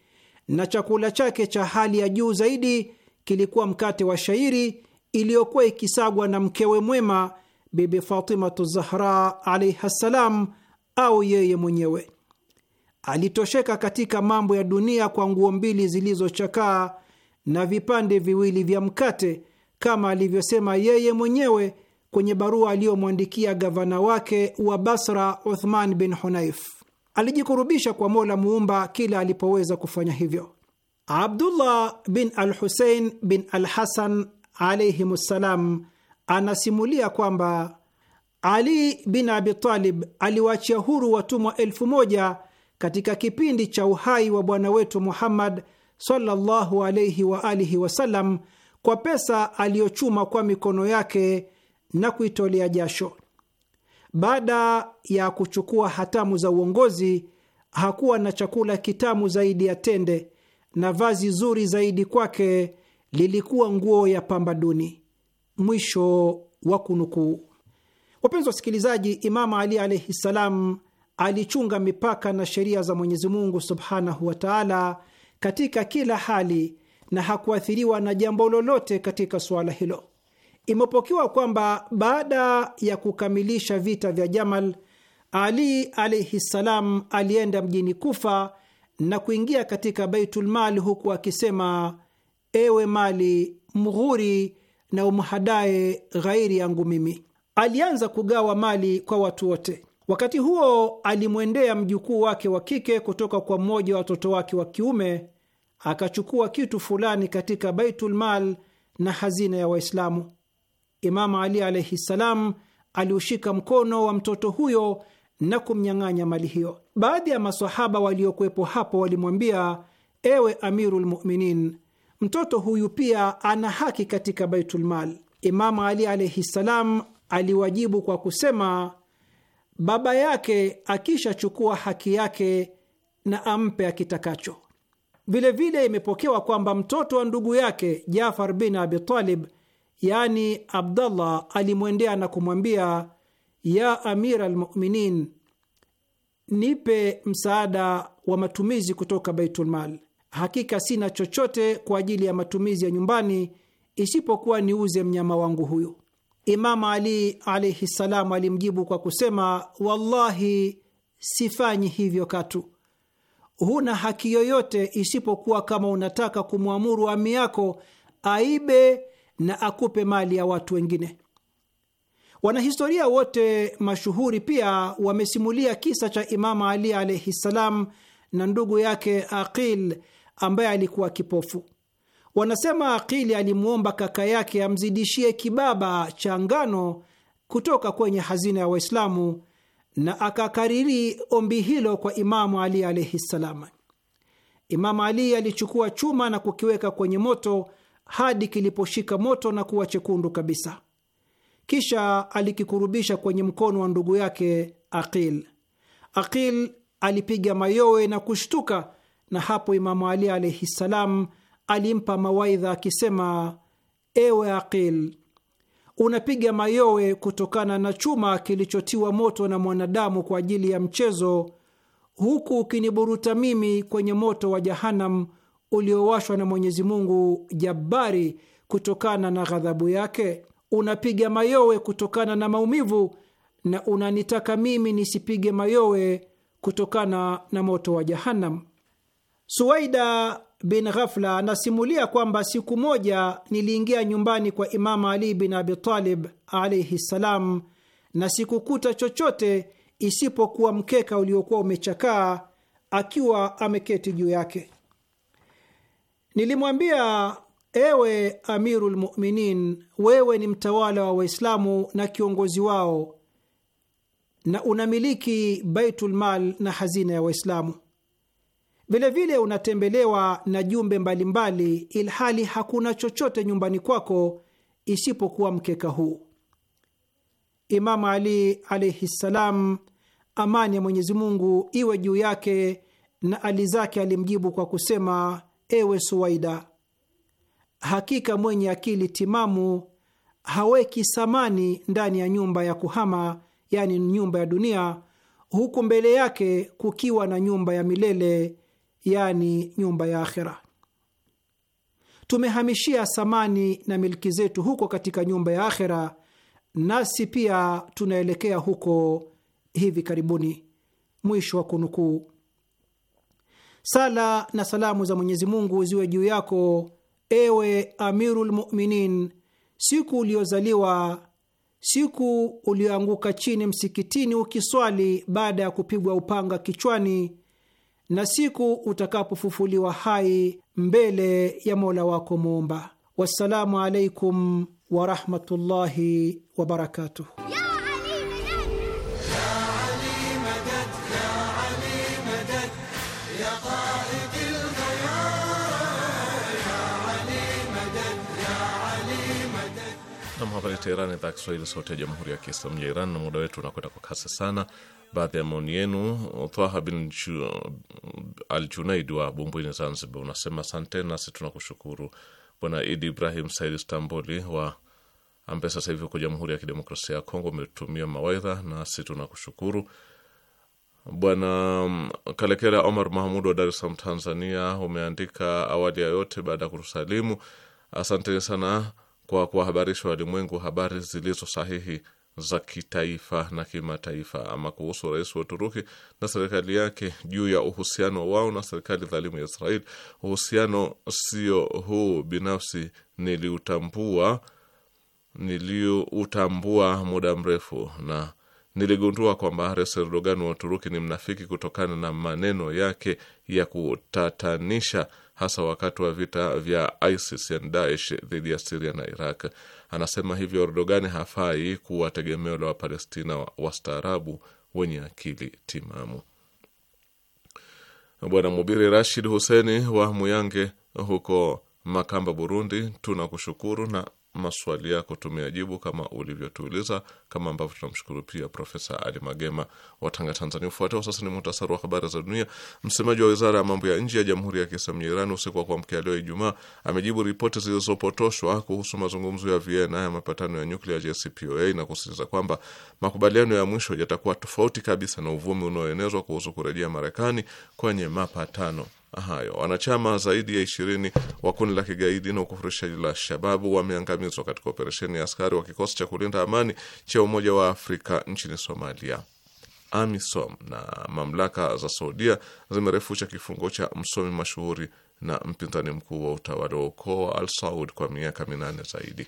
na chakula chake cha hali ya juu zaidi kilikuwa mkate wa shairi iliyokuwa ikisagwa na mkewe mwema Bibi Fatimatu Zahra alaihi ssalam, au yeye mwenyewe. Alitosheka katika mambo ya dunia kwa nguo mbili zilizochakaa na vipande viwili vya mkate, kama alivyosema yeye mwenyewe kwenye barua aliyomwandikia gavana wake wa Basra, Uthman bin Hunaif. Alijikurubisha kwa Mola muumba kila alipoweza kufanya hivyo. Abdullah bin al Husein bin al Hasan alaihim ssalam anasimulia kwamba Ali bin Abitalib aliwaachia huru watumwa elfu moja katika kipindi cha uhai wa bwana wetu Muhammad sallallahu alaihi wa alihi wasallam kwa pesa aliyochuma kwa mikono yake na kuitolea jasho. Baada ya kuchukua hatamu za uongozi, hakuwa na chakula kitamu zaidi ya tende, na vazi zuri zaidi kwake lilikuwa nguo ya pamba duni. Mwisho wa kunukuu. Wapenzi wasikilizaji, Imamu Ali alaihi ssalam alichunga mipaka na sheria za Mwenyezi Mungu subhanahu wa taala katika kila hali na hakuathiriwa na jambo lolote katika suala hilo. Imepokewa kwamba baada ya kukamilisha vita vya Jamal, Ali alaihi ssalam alienda mjini Kufa na kuingia katika baitulmal huku akisema: ewe mali mghuri na umhadae ghairi yangu mimi. Alianza kugawa mali kwa watu wote. Wakati huo alimwendea mjukuu wake wa kike kutoka kwa mmoja wa watoto wake wa kiume, akachukua kitu fulani katika Baitulmal na hazina ya Waislamu. Imamu Ali alaihi ssalam aliushika mkono wa mtoto huyo na kumnyang'anya mali hiyo. Baadhi ya masahaba waliokuwepo hapo walimwambia, ewe amiru lmuminin, mtoto huyu pia ana haki katika Baitulmal. Imamu Ali alaihi ssalam aliwajibu kwa kusema, baba yake akishachukua haki yake na ampe akitakacho. Vilevile imepokewa kwamba mtoto wa ndugu yake Jafar bin Abi Talib yaani Abdallah, alimwendea na kumwambia, ya amir almuminin, nipe msaada wa matumizi kutoka Baitulmal. Hakika sina chochote kwa ajili ya matumizi ya nyumbani isipokuwa niuze mnyama wangu huyu. Imamu Ali alaihi ssalam alimjibu kwa kusema, wallahi sifanyi hivyo katu. Huna haki yoyote isipokuwa kama unataka kumwamuru ami yako aibe na akupe mali ya watu wengine. Wanahistoria wote mashuhuri pia wamesimulia kisa cha imamu Ali alaihi ssalam na ndugu yake Aqil ambaye alikuwa kipofu. Wanasema Aqili alimwomba kaka yake amzidishie kibaba cha ngano kutoka kwenye hazina ya Waislamu, na akakariri ombi hilo kwa Imamu Ali alaihi ssalam. Imamu Ali alichukua chuma na kukiweka kwenye moto hadi kiliposhika moto na kuwa chekundu kabisa. Kisha alikikurubisha kwenye mkono wa ndugu yake Aqil. Aqil alipiga mayowe na kushtuka, na hapo Imamu Ali alaihi ssalam alimpa mawaidha akisema, ewe Aqil, unapiga mayowe kutokana na chuma kilichotiwa moto na mwanadamu kwa ajili ya mchezo, huku ukiniburuta mimi kwenye moto wa Jahanam uliowashwa na Mwenyezi Mungu Jabbari kutokana na ghadhabu yake? Unapiga mayowe kutokana na maumivu na unanitaka mimi nisipige mayowe kutokana na moto wa Jahannam. Suwaida bin Ghafla anasimulia kwamba siku moja niliingia nyumbani kwa Imamu Ali bin Abi Talib alaihi ssalam, na sikukuta chochote isipokuwa mkeka uliokuwa umechakaa, akiwa ameketi juu yake. Nilimwambia, ewe amiru lmuminin, wewe ni mtawala wa Waislamu na kiongozi wao na unamiliki Baitulmal na hazina ya Waislamu. Vilevile unatembelewa na jumbe mbalimbali, ilhali hakuna chochote nyumbani kwako isipokuwa mkeka huu. Imamu Ali alaihi ssalam, amani ya Mwenyezi Mungu iwe juu yake na ali zake, alimjibu kwa kusema ewe Suwaida, hakika mwenye akili timamu haweki samani ndani ya nyumba ya kuhama, yaani nyumba ya dunia, huku mbele yake kukiwa na nyumba ya milele, yaani nyumba ya akhira. Tumehamishia samani na milki zetu huko katika nyumba ya akhira, nasi pia tunaelekea huko hivi karibuni. Mwisho wa kunukuu. Sala na salamu za Mwenyezi Mungu ziwe juu yako, ewe Amirul Muminin, siku uliozaliwa, siku ulioanguka chini msikitini ukiswali baada ya kupigwa upanga kichwani, na siku utakapofufuliwa hai mbele ya Mola wako Muumba. Wassalamu alaikum warahmatullahi wabarakatuh. hapa ni Teherani, idhaa Kiswahili, sauti ya jamhuri ya kiislamu ya Iran. Na muda wetu unakwenda kwa kasi sana. Baadhi ya maoni yenu. Twaha bin Al Junaid wa Bumbwini, Zanzibar, unasema asante, nasi tunakushukuru. Bwana Idi Ibrahim Said Stamboli wa ambaye sasa hivi uko Jamhuri ya Kidemokrasia ya Kongo, umetumia mawaidha, nasi tunakushukuru. Bwana mm, Kalekera Omar Mahmud wa Dar es Salaam, Tanzania, umeandika awali ya yote, baada ya kutusalimu, asanteni sana kwa kuwahabarisha walimwengu habari zilizo sahihi za kitaifa na kimataifa. Ama kuhusu rais wa Uturuki na serikali yake juu ya uhusiano wao na serikali dhalimu ya Israel, uhusiano sio huu binafsi, niliutambua niliutambua muda mrefu na niligundua kwamba Rais Erdogan wa Uturuki ni mnafiki kutokana na maneno yake ya kutatanisha hasa wakati wa vita vya ISIS yani Daesh dhidi ya Siria na Iraq. Anasema hivyo erdogani hafai kuwa tegemeo la Wapalestina wastaarabu wenye akili timamu. Bwana Mubiri Rashid Huseni wa Muyange huko Makamba, Burundi, tunakushukuru na maswali yako tumeajibu kama ulivyotuuliza, kama ambavyo tunamshukuru pia Profesa Ali Magema wa Tanga, Tanzania. Ufuatao sasa ni muhtasari wa habari za dunia. Msemaji wa wizara ya mambo ya nje ya Jamhuri ya Kiislamu ya Iran usiku wa kuamkia leo Ijumaa amejibu ripoti zilizopotoshwa kuhusu mazungumzo ya Vienna ya mapatano ya nyuklia JCPOA na kusisitiza kwamba makubaliano ya mwisho yatakuwa tofauti kabisa na uvumi unaoenezwa kuhusu kurejea Marekani kwenye mapatano hayo. Wanachama zaidi ya ishirini wa kundi la kigaidi na ukufurishaji la Shababu wameangamizwa katika operesheni ya askari wa kikosi cha kulinda amani cha Umoja wa Afrika nchini Somalia. AMISOM na mamlaka za Saudia zimerefusha kifungo cha msomi mashuhuri na mpinzani mkuu wa utawala wa ukoo wa Al Saud kwa miaka minane zaidi.